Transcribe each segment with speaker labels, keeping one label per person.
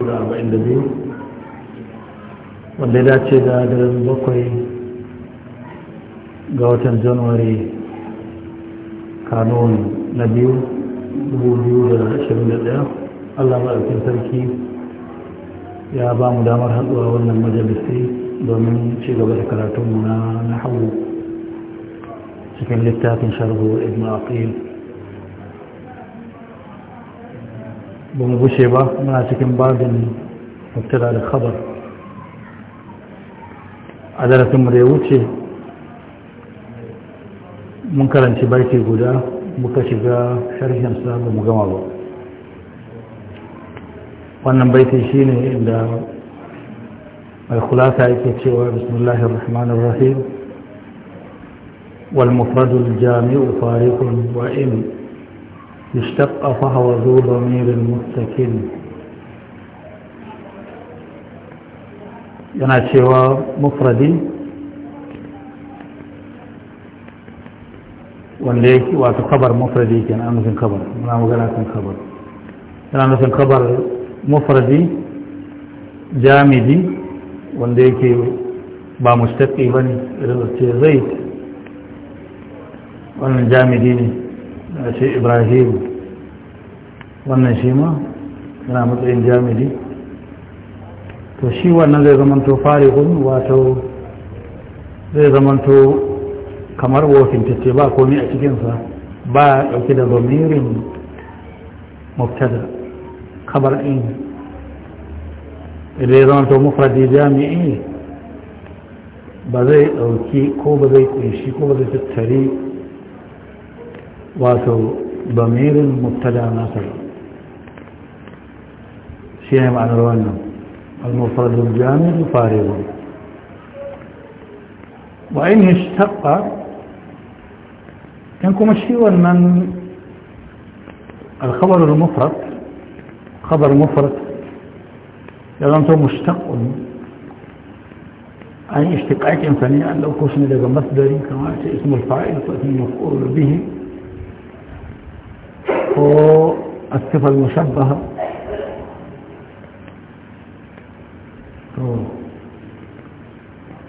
Speaker 1: da da wanda ya dace da daren bakwai ga watan januwari kanon na biyu biyu da da daya allah maɗaukin sarki ya ba mu damar haɗuwa wannan majalisi domin ci gaba da karatunmu na nahawu cikin littafin sharhu ibn aqil ba mu gushe ba muna cikin babin mubtada da khabar a mu da ya wuce mun karanci baiti guda muka shiga sharhinsa ba mu gama ba wannan baiti shine inda mai kulasa yake cewa "Bismillahi rahmanir rahim والمفرد الجامع فارق وإن يشتق فهو ذو ضمير مستكن yana cewa mufradi wanda yake wato kabar mufradi ke na nufin kabar muna magana kabar yana nufin kabar mufradi jamidi wanda yake ba mustaƙi ba ne irin ce zai wannan jamidi ne da shi ibrahim wannan shi ma yana matsayin jami'i to shi wannan zai zamanto farihun wato zai zamanto kamar wofintacce ba komi a cikinsa ba dauke da zamirin mubtada kabar in zai ya zamanto mufradi jami'i ba zai dauki ko ba zai kunshi ko ba zai tattare واتو ضمير المبتدا ناصر شيئا مع روانا المفرد الجامد فارغ وإن اشتق إنكم الشيء من الخبر المفرد خبر مفرد يغنطه مشتق أي اشتقاق إنسانية لو كسن لك مصدري كما اسم الفاعل فاسم مفعول به الصفة المشبهة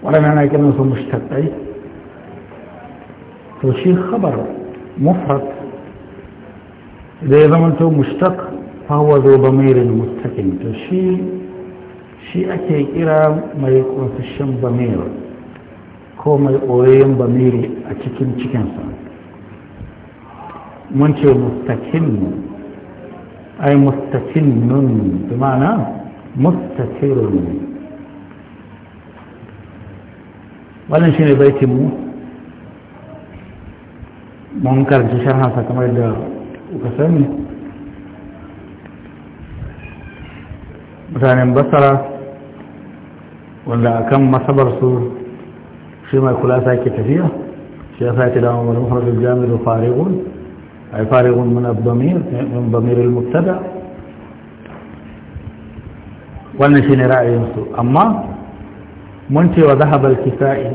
Speaker 1: ولا معنى كلمة مشتبه توشي خبر مفرد إذا ضمنته مشتق فهو ذو ضمير متكن توشي شيء أكي إلى ما يكون في الشم ضمير كو ما يقولين ضميري a كم cikinsa mun ce mustakin ai mustakin nun bi ma'ana mustakirun wannan shi ne baitinmu mun karanci sharhansa kamar da kuka sani mutanen basara wanda a kan masabarsu shi mai kula sa ke tafiya shi ya sa ya ce damar wani mafarar jami'ar fari'un أي فارغ من الضمير من ضمير المبتدا wannan shine ra'ayinsu amma mun ce wa zahabar kisa'i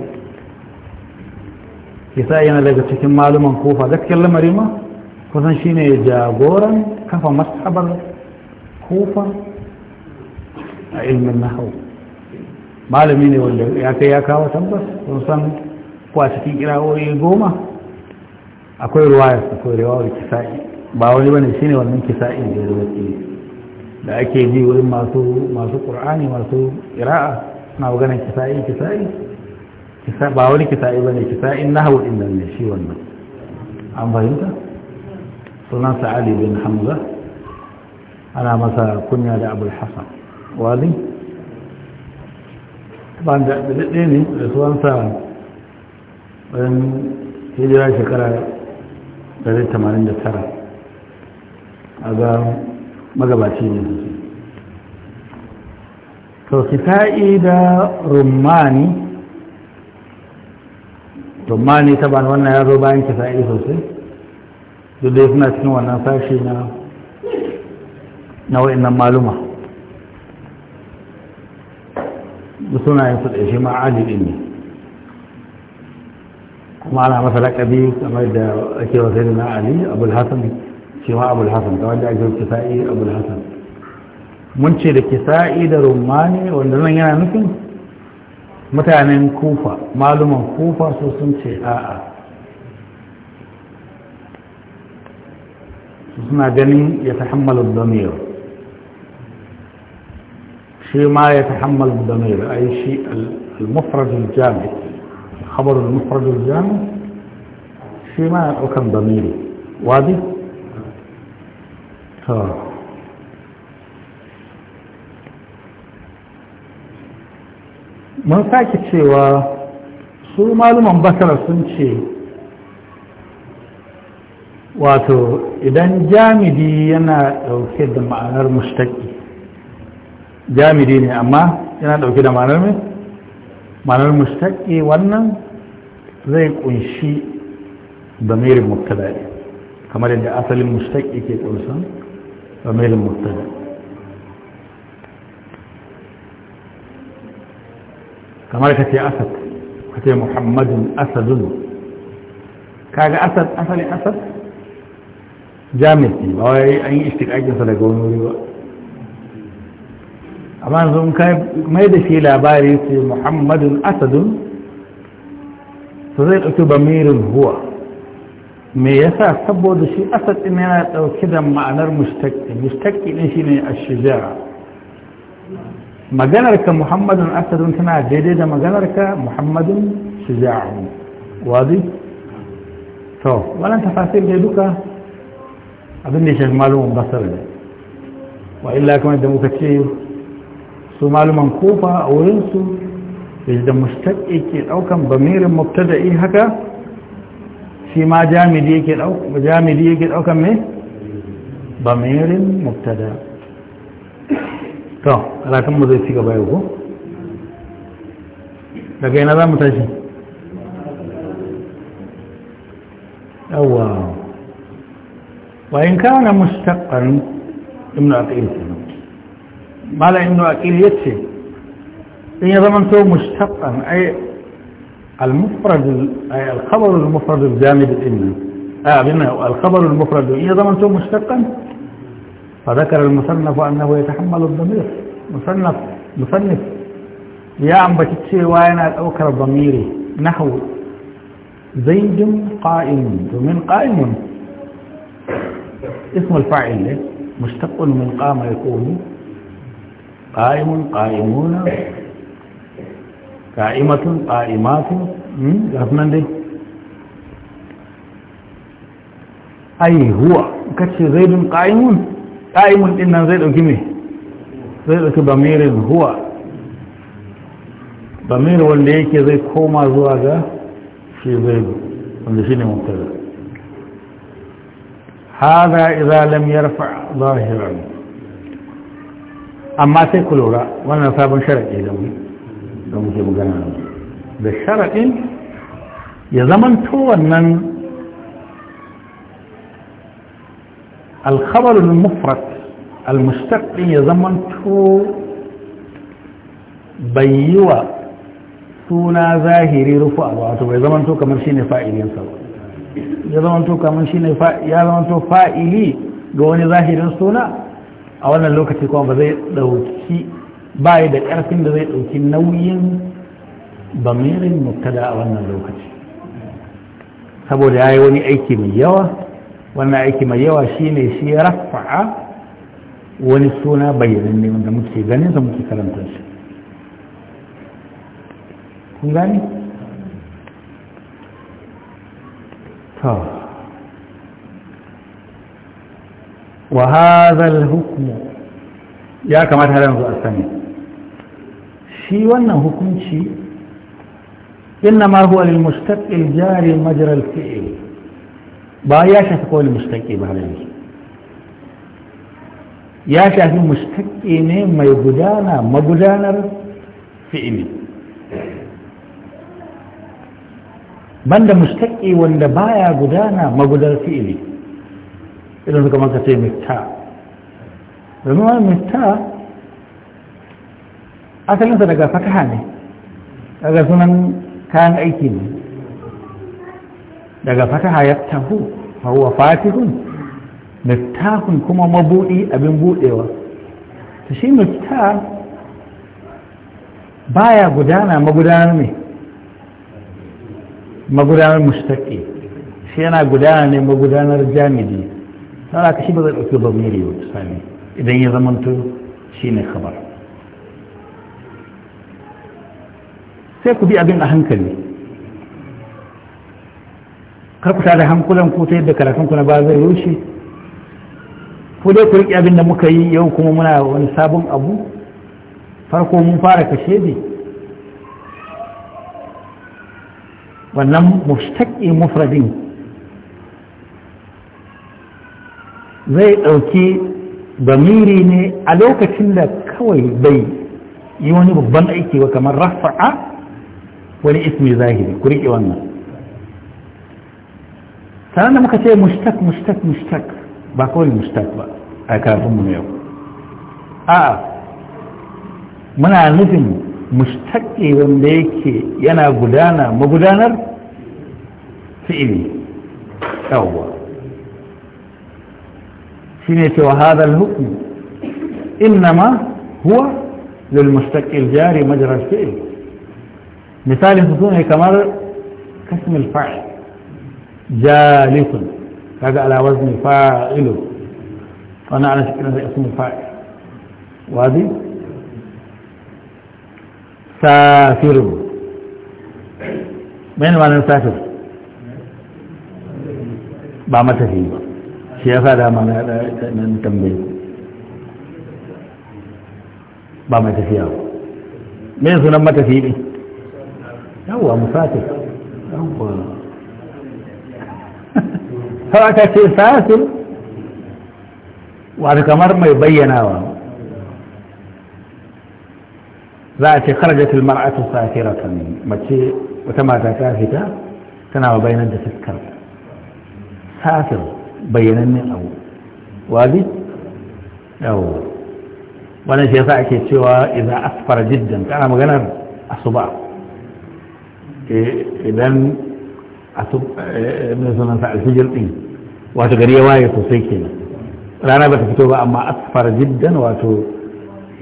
Speaker 1: kisa'i yana daga cikin maluman kofa gaskiyar lamari ma kusan shine jagoran kafa mashabar kofa a ilmin nahau malami ne wanda ya kai ya kawo tabbas kun san ko a cikin kirawoyi goma akwai ruwaya akwai ruwayar kisa'i ba wani bane shine wannan kisa'i da ya da ake ji wurin masu masu qur'ani masu qira'a suna maganar kisa'i kisa'i ba wani kisa'i bane kisa'i nahwu din nan ne shi wannan an fahimta sunan sa'ali bin hamza ana masa kunya da abul hasan wali ban da ɗaya ne da suwansa bayan hijira shekara 189 a ga magabaci ne to kitai da rumani rumani taban wannan ya zo bayan kitai sosai duk da suna cikin wannan sashi na na wa'annan maluma suna yin su da shi ne معنا مثلا أبي كما يدى أكي وزيرنا علي أبو الحسن شماء أبو الحسن كما يدى أجل الكسائي أبو الحسن منشي الكسائي دا رماني وندرنا ينا يعني نكن متى عنين كوفة معلومة كوفة سوسن شيء آآ آه، آه. سوسنا جنين يتحمل الضمير شيء ما يتحمل الضمير أي شيء المفرد الجامد خبر المفرد الجامع شيء ما وكم ضميري واضح mun sake cewa su maluman basara sun ce wato idan jamidi yana dauke da ma'anar mustaki jamidi ne amma yana dauke da ma'anar mai ma'anar mustaki wannan zai kunshi damirin mutane kamar yadda asalin mustaq ke kunsan damirin mutane kamar ka ce asad ka ce muhammadun asadun kaga asad asalin asad jami'i ba wai an yi sa daga wani wuri ba amma yanzu kai mai da shi labari ce muhammadun asadun to zai ɗauki bamirin huwa me yasa saboda shi asad ɗin yana ɗauki da ma'anar mustaƙi mustaƙi ɗin shi ne a shijara maganarka muhammadun asadun tana daidai da maganarka muhammadun shija'un wazi to wannan tafasir dai duka abin da ya shafi malumin basar ne wa illa kamar da muka ce su maluman kofa a wurinsu da mustaqi ke ɗaukan bamirin mubtada'i haka shi ma jamidi yake ɗaukan jamidi bamirin mubtada to zai ci gaba yau daga za mu tashi yawa yace إن يضمنته مشتقا أي المفرد أي الخبر المفرد الجانب الإمن آه الخبر المفرد إن يضمنته مشتقا فذكر المصنف أنه يتحمل الضمير مصنف مصنف يا عم بتتشي وانا الأوكر ضميري نحو زيد قائم ومن قائم اسم الفاعل إيه؟ مشتق من قام يكون قائم قائمون قائمتن قائماتن غفنان دي أي هو كتش زيد قائمون قائمون إنا زيد وكمي زيد كبامير هو بامير والليك زيد كوما زواجة في زيد ونشيني مبتدر هذا إذا لم يرفع ظاهرا أما تقولوا رأى وأنا صاحب شرعي لهم da muke magana da sharaɗin ya zamanto wannan alkhabarul mufrat almustaqin ya zamanto bai yi wa suna zahiri rufu a wato bai zamanto kamar shine fa'ilinsa ba ya zamanto kamar shine ya zamanto fa'ili ga wani zahirin suna a wannan lokaci kuma ba zai ɗauki ba da ƙarfin da zai ɗauki nauyin bamirin mubtada a wannan lokaci saboda ya yi wani aiki mai yawa wannan aiki mai yawa shine shi ya rafa'a wani suna bayanin ne wanda muke ganin sa muke karanta shi kun gani? to wa hadha al-hukm ya kamata har yanzu a sani shi wannan hukunci innama huwa lil mustaqil jari majra al fi'l ba ya shafi kawai mustaqi ba har yanzu ya shafi mustaqi ne mai gudana magudanar fi'ili banda mustaqi wanda baya gudana magudar fi'ili idan suka maka ce mita domin wani mita asalinsa daga fataha ne daga sunan kayan aiki ne daga fataha ya tahu hawa fatihun miftahun kuma mabuɗi abin buɗewa ta shi ba baya gudana magudanar ne magudanar mustaƙi shi yana gudana ne magudanar jami'i sana ka shi ba zai ɗauki ba miliyo sami idan ya zamanto shi ne kamar. sai ku bi abin a hankali kar ku hankulan ku ta yadda karatun ku na ba zai rushe ku dai ku riƙe abin da muka yi yau kuma muna wani sabon abu farko mun fara kashe ne wannan mustaƙi mufradin zai ɗauki damiri ne a lokacin da kawai bai yi wani babban aiki wa kamar rafa'a wani ismi zahiri ku riƙe wannan sannan da muka ce mustak mustak mustak ba kawai mustak ba a kafin mu yau a muna nufin mustaƙi wanda yake yana gudana magudanar fi'ili yawwa shi ne cewa hadal hukm innama huwa lil mustaƙi jari majalar fi'ili مثال فسون هي كمر كسم الفعل جالس هذا على وزن فاعل وانا على شكل اسم الفاعل وهذه سافر من وانا سافر با ما تفي شي هذا ما نتمي با ما تفي من سنن ما تفي هو مفاتح هو فأتى شيء فاتل وعلى كمر ما يبيناه ذات خرجت المرأة فاترة مجي وتمات كافتة تناوى بين أنت تذكر فاتل بينني أو والد أو وانا شيء فاكي سوى إذا أصفر جدا تعالى غنر الصباح idan sunansa alfijir ɗin wato gari ya waye sosai kenan rana ba ta fito ba amma asfar jiddan wato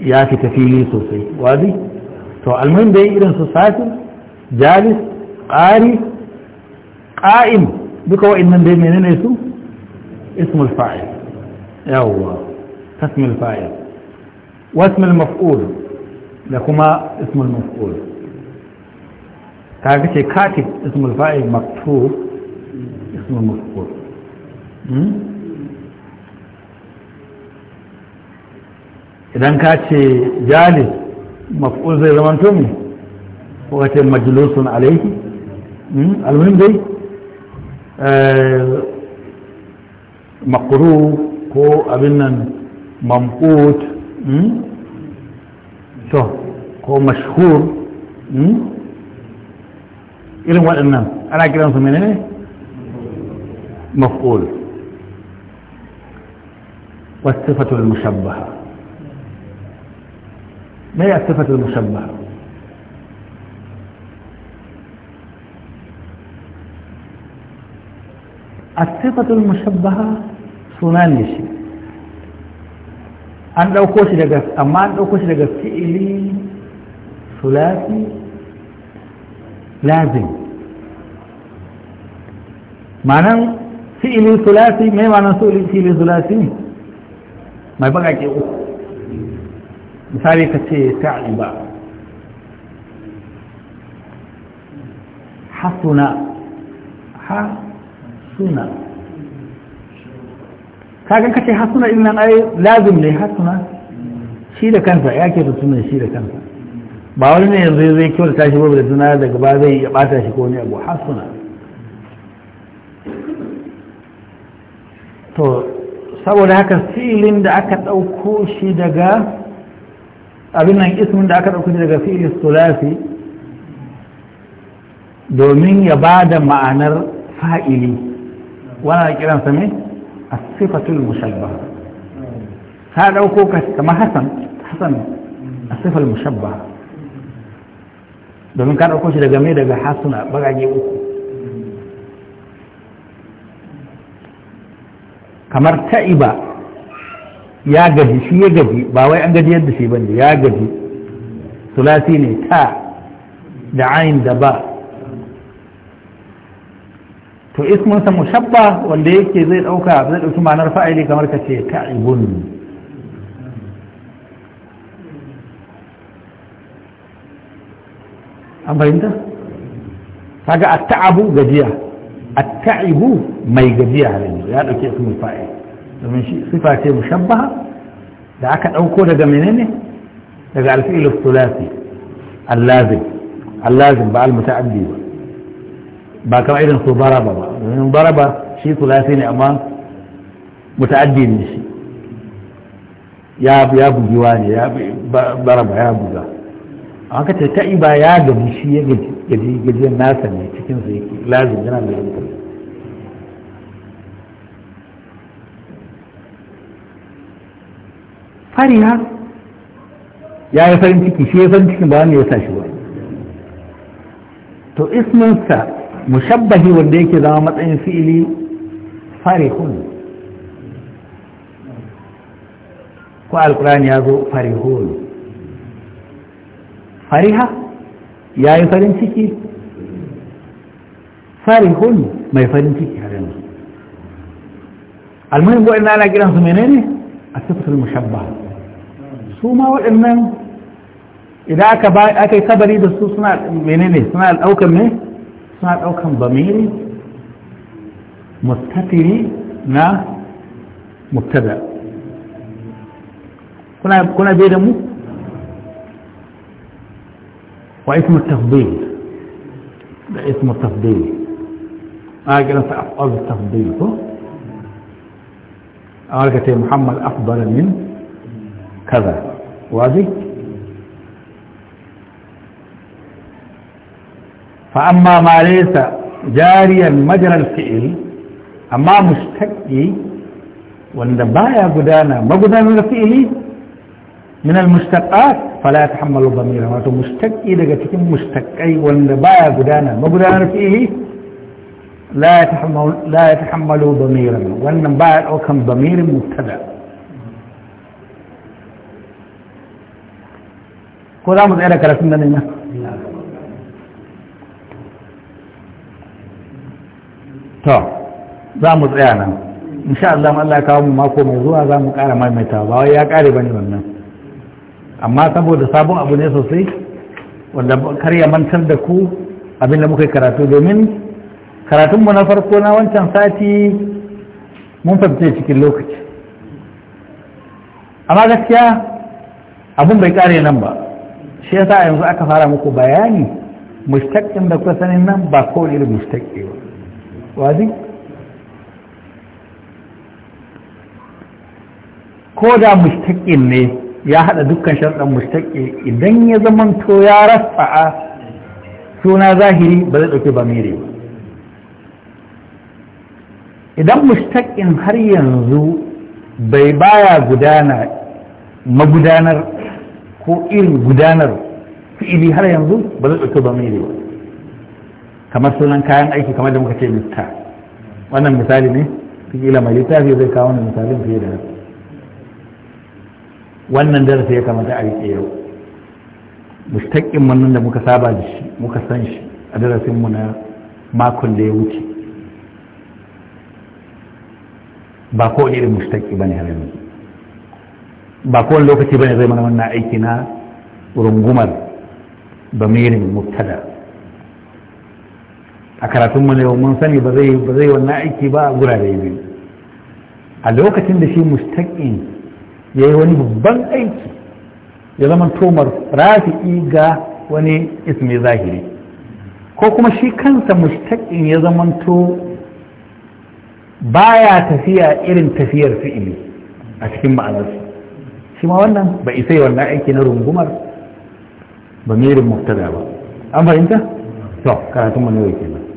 Speaker 1: ya fita fili sosai wazi to almuhim dai irin su satin jalis ƙari ƙa'im duka wa'annan dai menene su ismul fa'il yawwa tasmil fa'il wasmul maf'ul da kuma ismul maf'ul kaga ce katib ismul fa'il maktub ismul maf'ul hmm? idan ka ce jalis maf'ul zai zama to me ko ka ce majlusun alaihi hmm? almuhim dai eh, makru ko abin nan mamqut hmm? to ko mashhur إلى موال النام على كده نصمين إيه مفقول والصفة المشبهة ما هي الصفة المشبهة الصفة المشبهة سنان يشي أن لو كوش أما أن لو كوش لقفت ثلاثي lazim ma'anan fi'ili sulasi mai ma'anan فعل ثلاثي mai bagake uku misali ka ce ta'iba hasuna ha kagan kace hasuna din nan ai lazim ne hasuna shi da kansa ya ke da suna shi da kansa ba wani ne yanzu zai kyauta shi ba da suna daga ba zai ya bata shi ko ne abu hasuna to saboda haka filin da aka ɗauko shi daga abin nan ismin da aka ɗauko shi daga filin sulasi domin ya ba da ma'anar fa'ili wani kiransa ne a sifatul mushabba ta ɗauko kama hasan hasan a sifatul mushabba domin ka ɗauko shi daga mai daga hasuna bagage uku kamar ta'iba ya gaji shi ya gaji ba wai an gaji yadda shi bane ya gaji sulasi ne ta da ayin da ba to ismunsa mushabba wanda yake zai ɗauka zai ɗauki ma'anar fa'ili kamar ka ce ta'ibun an fahimta kaga at-ta'abu gajiya at-ta'ibu mai gajiya ne ya dauke su mai fa'i domin shi sifa ce mushabbaha da aka dauko daga menene daga al-fi'l allazim thulathi al-lazim ba ba kamar irin su baraba ba domin baraba shi thulathi ne amma muta'addi ne shi ya bugi wani ya baraba ya buga haka ce ta iba ya gaji shi ya gaji gajiyar nasa ne cikin sa yake lazim yana da yankin fariha ya yi farin ciki shi ya farin cikin ba wani ya sa shi ba to isminsa mushabbahi wanda yake zama matsayin fi'ili farihun ko alkurani ya zo farihun fariha ya yi farin ciki farihun mai farin ciki har yanzu almuhim waɗanda ana kiransu menene a sifatul mushabba su ma waɗannan idan aka yi sabari da su suna menene suna ɗaukan ne suna ɗaukan bamiri mustafiri na mubtada kuna bai da mu واسم التفضيل ده اسم التفضيل أجلس آه، أفضل التفضيل أرجت آه، محمد أفضل من كذا واضح فأما ما ليس جاريا مجرى الفعل أما مشتقي وأن بايا قدانا ما قدانا الفعل من المشتقات fala ya tahammalu bamira wato mustaqi daga cikin mustaqai wanda baya gudana magudanar fihi la ya ta hammalu ya bamira wannan baya daukan bamirin mubtada ko za mu tsaya da karatun da nan to za mu tsaya nan insha Allah Allah ya kawo mu mako mai zuwa za mu kara maimaita ba wai ya kare bane wannan amma saboda sabon abu ne sosai wanda kar ya mantar da ku abin da muka yi karatu domin karatunmu na farko na wancan sati mun fahimce cikin lokaci amma gaskiya abin bai kare nan ba shi yasa yanzu aka fara muku bayani mustaƙin da sanin nan ba kowane irin mustaƙi ba wazi ko da mustaƙin ne ya haɗa dukkan sharɗan mustaƙi idan ya to ya rafa'a suna zahiri ba zai ɗauke ba mere ba idan mustaƙin har yanzu bai baya gudana magudanar ko irin gudanar fi'ili har yanzu ba zai ɗauke ba mere ba kamar sunan kayan aiki kamar da muka ce mista wannan misali ne fi'ila mai littafi zai kawo wani misalin fiye da haka wannan darasi ya kamata a riƙe yau mustaƙin wannan da muka saba da shi muka san shi a darasinmu na makon da ya wuce ba ko irin mustaƙi ba ne har ba ba wani lokaci ba ne zai mana wannan aiki na rungumar ba bamirin muktada a karatunmu ne mun sani ba zai wannan aiki ba a gurare biyu a lokacin da shi mustaƙin ya yi wani babban aiki ya zama tomar rafi'i ga wani ismi zahiri ko kuma shi kansa mustaƙin ya zamanto baya tafiya irin tafiyar fi'ili a cikin ma'anarsa shi ma wannan ba yi wannan aiki na rungumar ba mirin muktada ba an fahimta? to karatun mu ne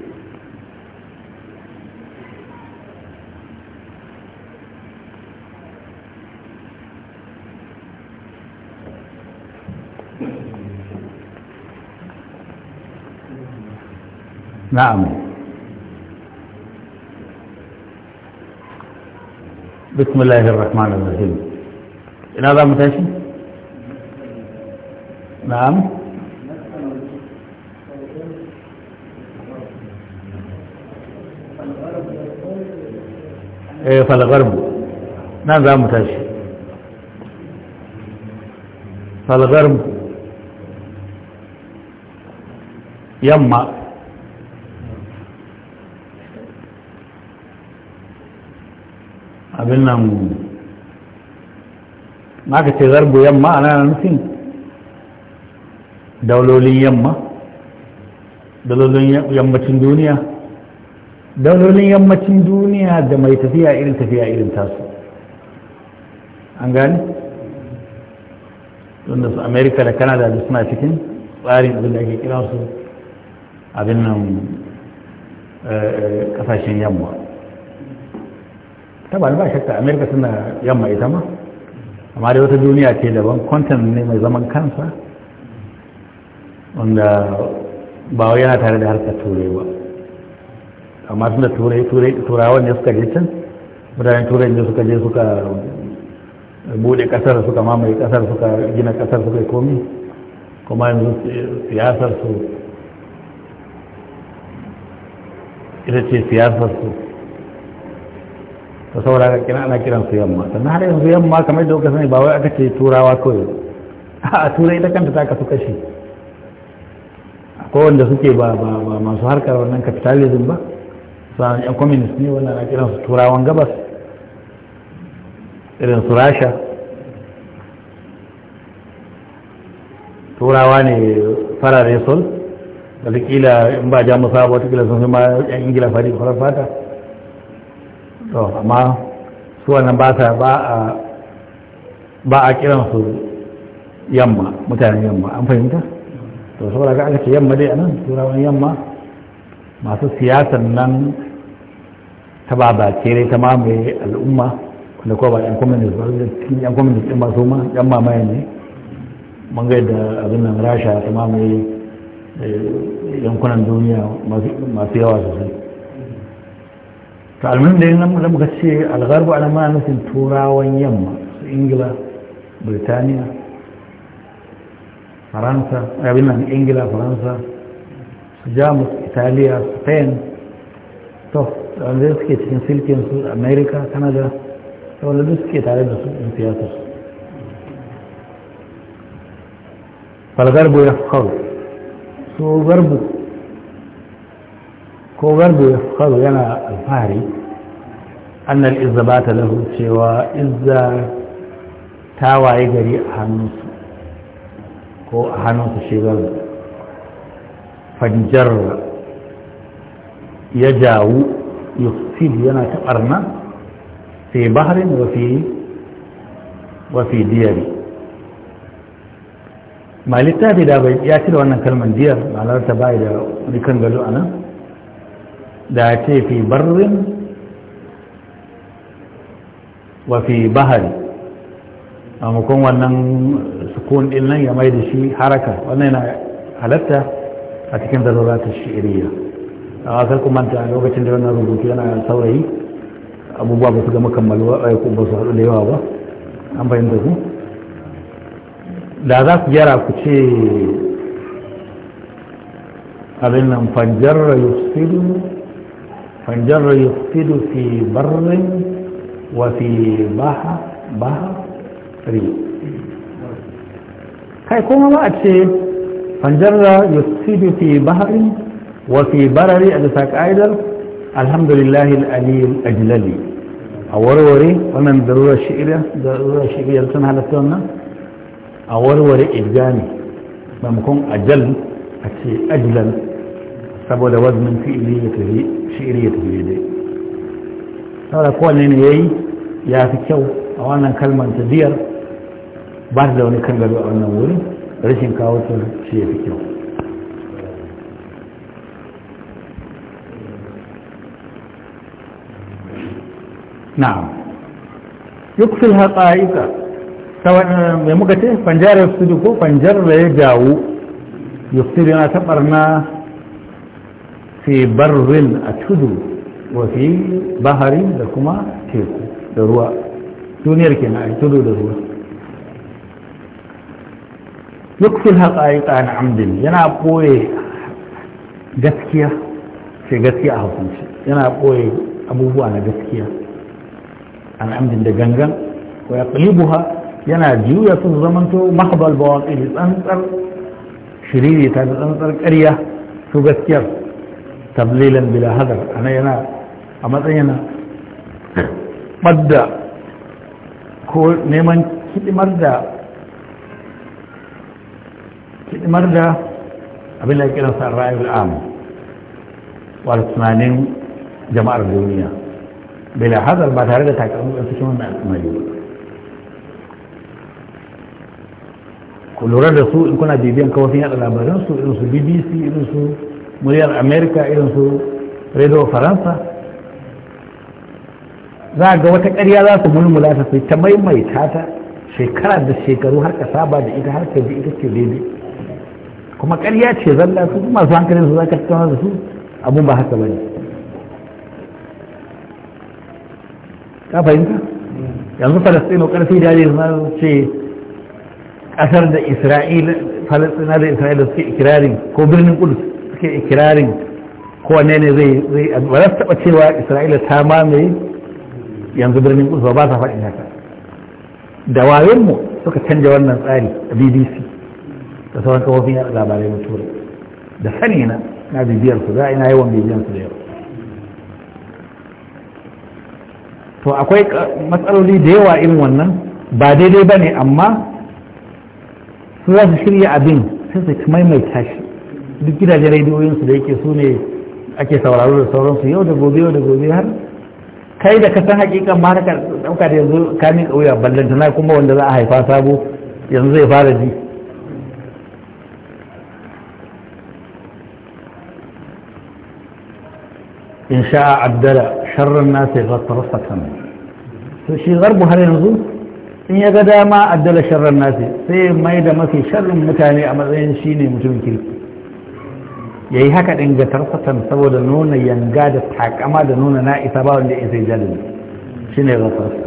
Speaker 1: نعم بسم الله الرحمن الرحيم إلى هذا متاشي نعم ايه فالغرب نعم ذا متاشي فالغرب يما abin nan maka ce zargo yamma ana nufin daulolin yamma daulolin yammacin duniya daulolin yammacin duniya da mai tafiya irin tafiya irin tasu an gani wanda su amerika da canada da suna cikin tsarin abin da ake kira su abin nan eh, eh, kasashen yamma ta ba ba shakka amerika suna yamma ita ma amma dai wata duniya ce daban kwantan ne mai zaman kansa wanda ba wai yana tare da harka turai ba amma suna turai turawan ne suka je can mutanen turai ne suka je suka bude kasar suka mamaye kasar suka gina kasar suka komi kuma yanzu siyasar su ita ce siyasar su ta saboda ka kina ana kiran su yamma sannan har yanzu yamma kamar da kuka sani ba wai aka ce turawa kawai a turai ta kanta ta kasu kashi akwai wanda suke ba ba masu harkar wannan capitalism ba sannan yan communist ne wannan ana kiran su turawan gabas irin su rasha turawa ne farare sol da kila in ba jamusa ba wata kila sun fi ma yan ingila fari farar fata to amma su wannan ba a ba a kiransu yamma mutanen yamma an fahimta to saboda ga aka ce yamma dai anan turawan yamma masu siyasar nan ta babace dai ta mamaye al'umma wanda kuma ba 'yan kwamitin ba cikin 'yan kwamitin ɗin ba su ma 'yan mamaye ne mun ga yadda abin nan rasha ta mamaye eh, yankunan duniya masu yawa sosai to almin da yin da muka ce algarbu ana ma nufin turawan yamma su ingila birtaniya faransa abin nan ingila faransa su jamus italiya spain to wanda suke cikin silkin su america canada da wanda duk suke tare da su in siyasar su falgarbu ya kawo su garbu ko garbu ya faru yana alfahari annan izza ba ta lahu cewa izza ta waye gari a hannunsu ko a hannunsu shi garbu fanjar ya jawo yusuf yana taɓarna fi baharin wafi diyari ma littafi da bai ya cire wannan kalmar diyar ma'anarta bai da rikan gado a nan da ce fi barrin wa fi bahari a mukun wannan sukun din nan ya mai da shi haraka wannan yana halatta a cikin ta shi'iriya a wasar kuma ta lokacin da wannan rubutu yana saurayi abubuwa ba su gama kammaluwa a ko ba su haɗu da yawa ba an fahimta ku da za ku gyara ku ce abin nan fanjar yusufinu فانجر يفسد في بر وفي بحر بحر هاي كما ما اتشي فانجر يفسد في بحر وفي بر ري اذا ساك الحمد لله الأليم أجللي أور وري ومن ضرورة الشئرة ضرورة الشئرة يلتن هل تونا أور وري إجاني بمكون أجل أجل أجلل saboda wazinin fi'ili ya tafi shi'iri ya tafi dai saboda kowanne ne ya yi ya fi kyau a wannan kalmar ta biyar ba ta da wani kan gado a wannan wurin rashin kawo ta shi ya fi kyau na'am yuksul haqa'iqa sawan eh, mai muka ce fanjarar su ko fanjar da ya jawo yuksul yana na. في بر اتخذوا وفي بحر لكما تيكو دروا دونير كنا اتخذوا دروا يكفي الحقائق عن عمد ينا قوي جسكية في جسكية أحفنش ينا قوي أبوه أنا جسكية عن عمد دقنقا ويقلبها ينا جوية الزمن تو مخبى البواقي لتنصر شريري تنصر كريه تو جسكية تضليلا بلا هدر أنا ينا أما تينا مدى كو نيمان كده مدى كده مدى أبي الله كده سأرأي العام والثمانين جماعة الدنيا بلا هدر بعد هرده تاكرمو أنتشون من المجيب كل رد سوء إن كنا بيبيان كوفيان الأمرين سوء إنسو بي بي سي إنسو muryar amerika irin su radio faransa za ga wata ƙarya za su mulmula ta sai ta maimaita ta shekara da shekaru har ka saba da ita har ka bi ita ce daidai kuma ƙarya ce zalla su su hankalin su za ka tattauna da su abun ba haka bane ka fahimta yanzu falastino karfi da ne na ce ƙasar da isra'ila falastina da isra'ila suke ikirarin ko birnin kudus suke ikirarin kowane ne zai ba za su taɓa cewa isra'ila ta mamaye yanzu birnin kusa ba sa faɗin haka da mu suka canja wannan tsari a bbc da sauran kafofin yaɗa labarai na turai da sani na na bibiyar su za a ina yawan bibiyar su da yau to akwai matsaloli da yawa irin wannan ba daidai ba ne amma su za su shirya abin sai su maimaita shi duk gidajen rediyoyinsu da yake su ne ake sauraro da sauransu yau da gobe yau da gobe har kai da ka san hakika ma ka dauka da yanzu ka mi kauya ballantana kuma wanda za a haifa sabo yanzu zai fara ji in a addala sharran na sai nasi kan to shi zarbu har yanzu in ya ga dama addala sharran nasi sai mai da mafi sharrin mutane a matsayin shine mutumin kirki ya yi haka ɗin ga tarfatan saboda nuna yanga da takama da nuna na isa ba wanda isa jalin shi ne zafarsa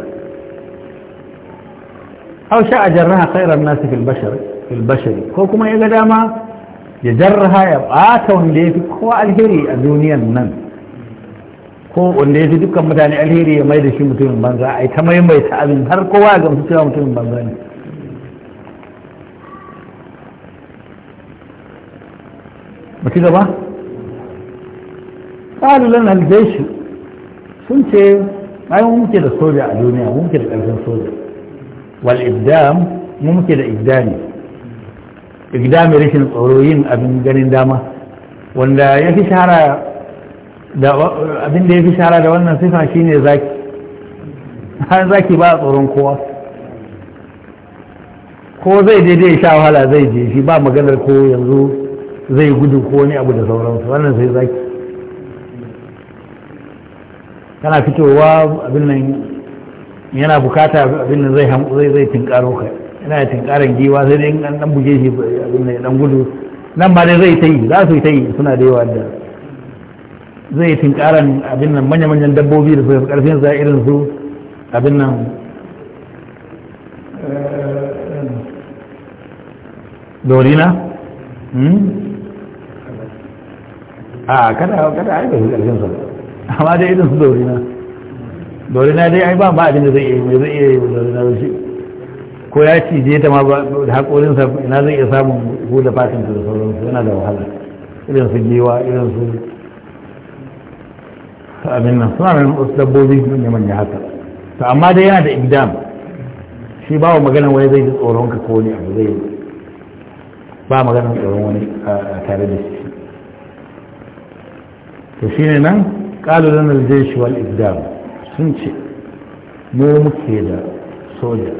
Speaker 1: au sha a jarraha khairar nasu filbashari ko kuma ya ga dama ya jarraha ya ɓata wanda ya fi ko alheri a duniyan nan ko wanda ya fi dukkan mutane alheri ya mai da shi mutumin banza a yi ta maimaita abin har kowa gamsu cewa mutumin banza ne ما كده بقى قالوا لنا الجيش سنت ما ممكن السوري عدوني ممكن الألفين سوري والإقدام ممكن إقدامي إقدامي ليش القروين أبن جنين داما وأن يفي شهر أبن يفي شهر لو أن صفة شيني ذاك هل ذاك بقى قرون قوة قوة زي دي دي شاو هلا زي دي شباب مقدر قوة ينزور zai gudu ko wani abu da sauransu wannan sai zaki kana fitowa abin nan yana bukata abin nan zai zai zai tinkaro ka yana tinkaran giwa sai dai an dan buge shi abin nan dan gudu nan ba dai zai ta yi za su yi ta yi suna da yawa da zai tinkaran abin nan manya-manyan dabbobi da su karfin sa irin su abin nan
Speaker 2: eh, eh, eh,
Speaker 1: dorina hmm? a kada kada ai bai karshen sa amma dai idan su dori na dori na dai ai ba ba abin da zai iya zai iya dori na shi ko ya ci cije ta ma da hakorin sa ina zai iya samun huda fatin da sauransu yana da wahala irin su giwa irin su amin nan suna nan wasu dabbobi manya manya haka to amma dai yana da idam shi ba wa magana wani zai ji tsoron ka ko wani abu zai ba magana tsoron wani tare da shi to shi ne nan ƙalilan aljaishi wal ibdam sun ce mu muke da soja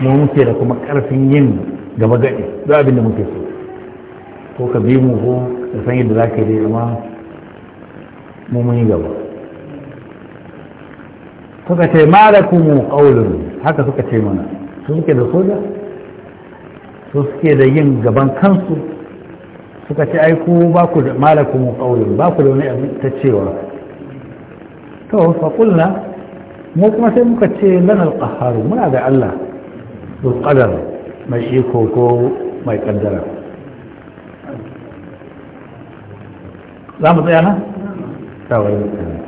Speaker 1: mu muke da kuma ƙarfin yin gaba gaɗi duk abin da muke so ko ka bi mu ko ka san yadda za ka yi amma mu mun yi gaba suka ce ma da kuma ƙaunin haka suka ce mana su suke da soja su suke da yin gaban kansu suka ce ai ku ba ku da malakum qawlun ba ku da wani abin ta cewa to fa qulna mu kuma sai muka ce lana al muna da Allah bil ƙadar mai iko ko mai kaddara za mu tsaya na? Tawar da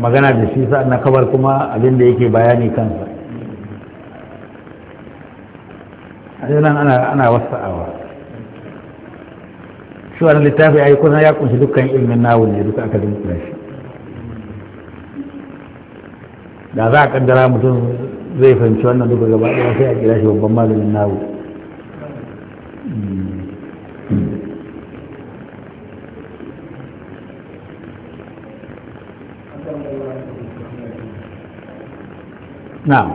Speaker 1: magana da shi sa na kabar kuma abin da yake bayani kansa a nan ana wasa'awa shi wani littafi ya kusan ya kunshi dukkan ilmin nawun ne duka aka dinkula shi da za a kaddara mutum zai fahimci wannan duka gaba ɗaya sai a kira shi babban malamin nawu نعم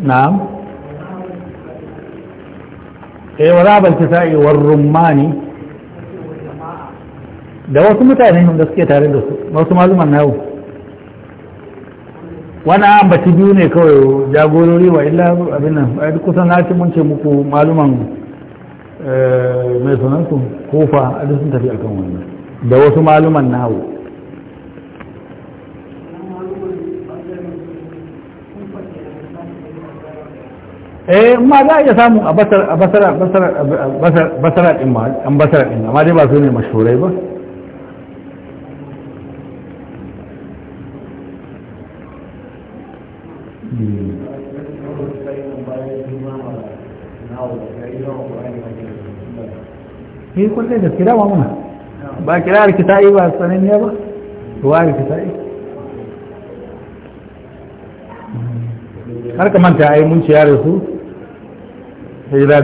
Speaker 1: نعم eh wa zaba al-kisa'i war rumani da wasu mutane da suke tare da su wasu maluman nawo wani ambaci biyu ne kawai jagorori wa illa abin nan a kusan na mun ce muku maluman eh, mai sunansu kofa a duk sun tafi akan wannan da wasu maluman nawo eh ma za a iya samu a basara basara din ma an basara din amma dai ba su ne mashurai ba ne hmm. eh, kwallai da kira muna ba kira rikita'i ba tsananiya ba ruwa rikita'i har ka a yi mun ciyar da su hijira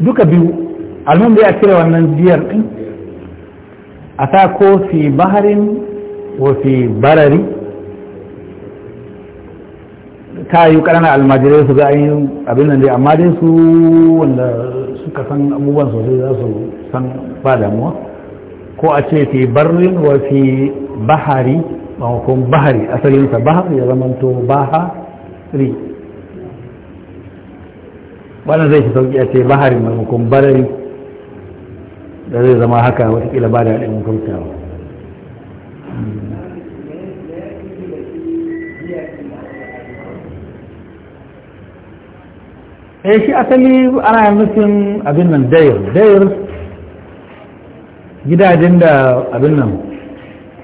Speaker 1: duka biyu almun da ya cire wannan biyar din a ta ko fi baharin wa fi barari ta yi ƙananan almajirai su ga yi abin nan dai amma dai su wanda suka san abubuwan sosai za su san ba damuwa ko a ce fi barrin wa fi bahari maimakon bahari asalinsa bahar ya ha bahari wannan zai fi sauƙi a ce bahari maimakon barari da zai zama haka watakila ba da haɗin mutuntawa eh shi asali ana nufin abin nan dayar dayar gidajen da abin nan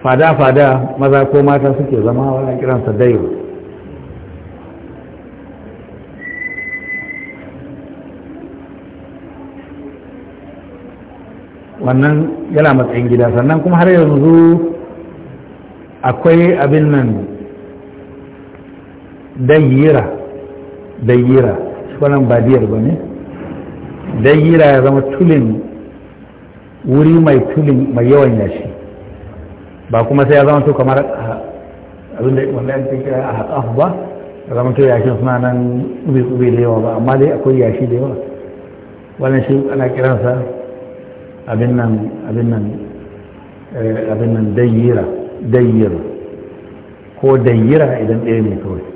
Speaker 1: fada-fada maza ko mata suke zama wani kiransa dayar wannan yana matsayin gida sannan kuma har yanzu akwai abin nan dayira dayyira wannan ba ba ne hira ya zama tulin wuri mai tulin mai yawan yashi ba kuma sai ya zama to kamar abinda wanda ya kira a haƙaf ba ya zama to yashin suna nan ube da yawa ba amma dai akwai yashi da yawa wannan shi ana kiransa abin nan abin nan eh, abin nan dayyira dayyira ko dayyira idan ɗaya ne kawai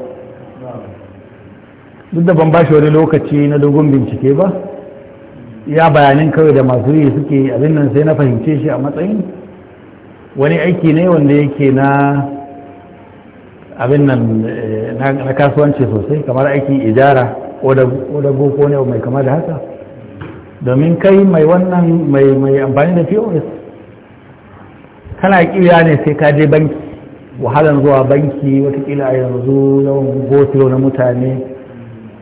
Speaker 1: duk da ban ba shi wani lokaci na dogon bincike ba ya bayanin kawai da masu yi suke abin nan sai na fahimce shi a matsayin wani aiki ne wanda yake na abin nan eh, na kasuwanci sosai kamar aikin ijara ko da goko ne mai kama da haka domin kai mai wannan mai amfani da pos kana kira ne sai ka je banki wahalan zuwa banki watakila a yanzu yawan gotiro na mutane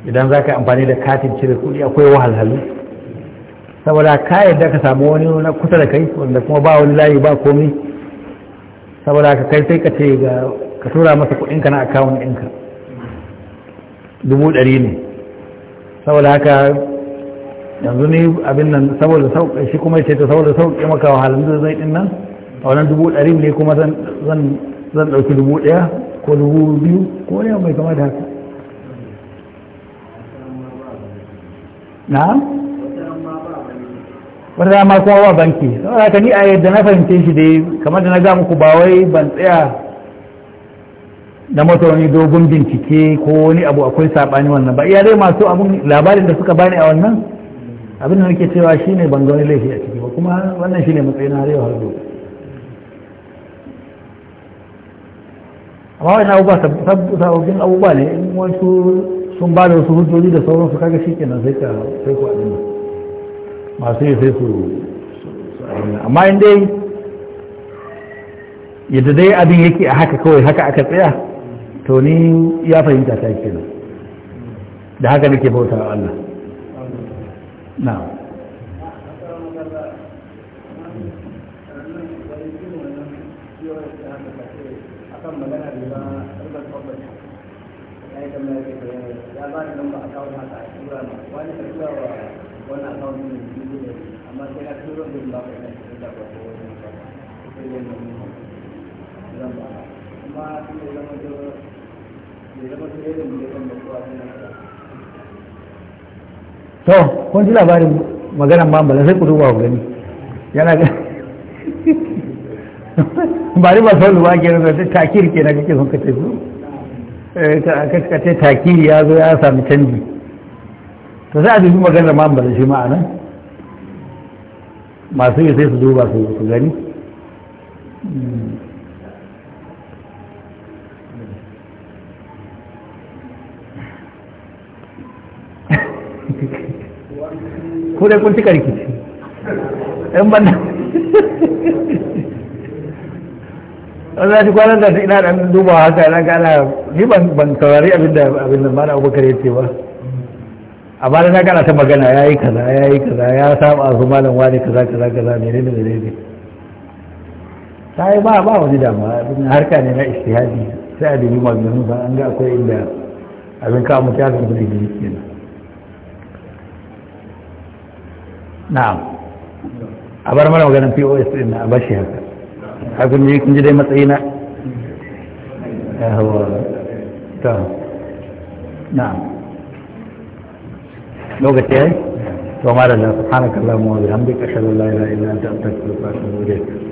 Speaker 1: idan za ka amfani da katin cire kuɗi akwai wahalhalu saboda ka yadda ka samu wani na kusa da kai wanda kuma ba wani layi ba komi saboda ka kai sai ka ce ga ka tura masa kuɗinka na akawun ɗinka dubu ɗari ne saboda haka yanzu ne abin nan saboda sauƙi shi kuma ce ta saboda sauƙi maka wahalhalu da zai ɗin nan a wannan dubu ɗari ne kuma zan ɗauki dubu ɗaya ko dubu biyu ko ne mai kama da haka na wata dama kuma ba banki saboda ka ni a yadda na fahimce shi dai kamar da na ga muku bawai ban tsaya na mota wani dogon bincike ko wani abu akwai saɓani wannan ba iya dai masu abun labarin da suka bani a wannan abin da nake cewa ne ban ga laifi a ciki ba kuma wannan ne matsayin har yau har gobe amma wani abubuwa sabbin abubuwa ne in wasu sun ba da wasu hujjoji da sauransu kaga shi kenan sai ka sai ku adina masu yi sai su amma in dai yadda dai abin yake a haka kawai haka aka tsaya to ni ya fahimta ta kenan da haka nake bauta Allah na'am to kun ji labarin maganan ba sai ku duba ku gani yana ga ba riba sau da ke na takir ke na kake sun kace su hmm. eh, kace takir ya zo ya sami canji to sai a dubi maganar bambala shi ma'ana. masu yi sai su duba su gani ko dai kun cika rikici ɗan banda wanda ya ci kwanan da ina ɗan duba haka na gana ni ban saurari abinda abinda mana abubakar ya ce ba a bada na gana ta magana ya yi kaza ya yi kaza ya saba su malam wani kaza kaza kaza ne ne ne ne ta yi ba ba wani damuwa harka ne na istihadi sai a dubi maganin ba an ga akwai inda abin kawo mutu ya zama da da ke na na'am a bar mana maganin pos din a bashi haka hakun ne kun ji dai matsayi na ya hawa ta na'am lokaci yayi to mara da subhanakallahumma wa bihamdika ashhadu an la ilaha illa anta astaghfiruka wa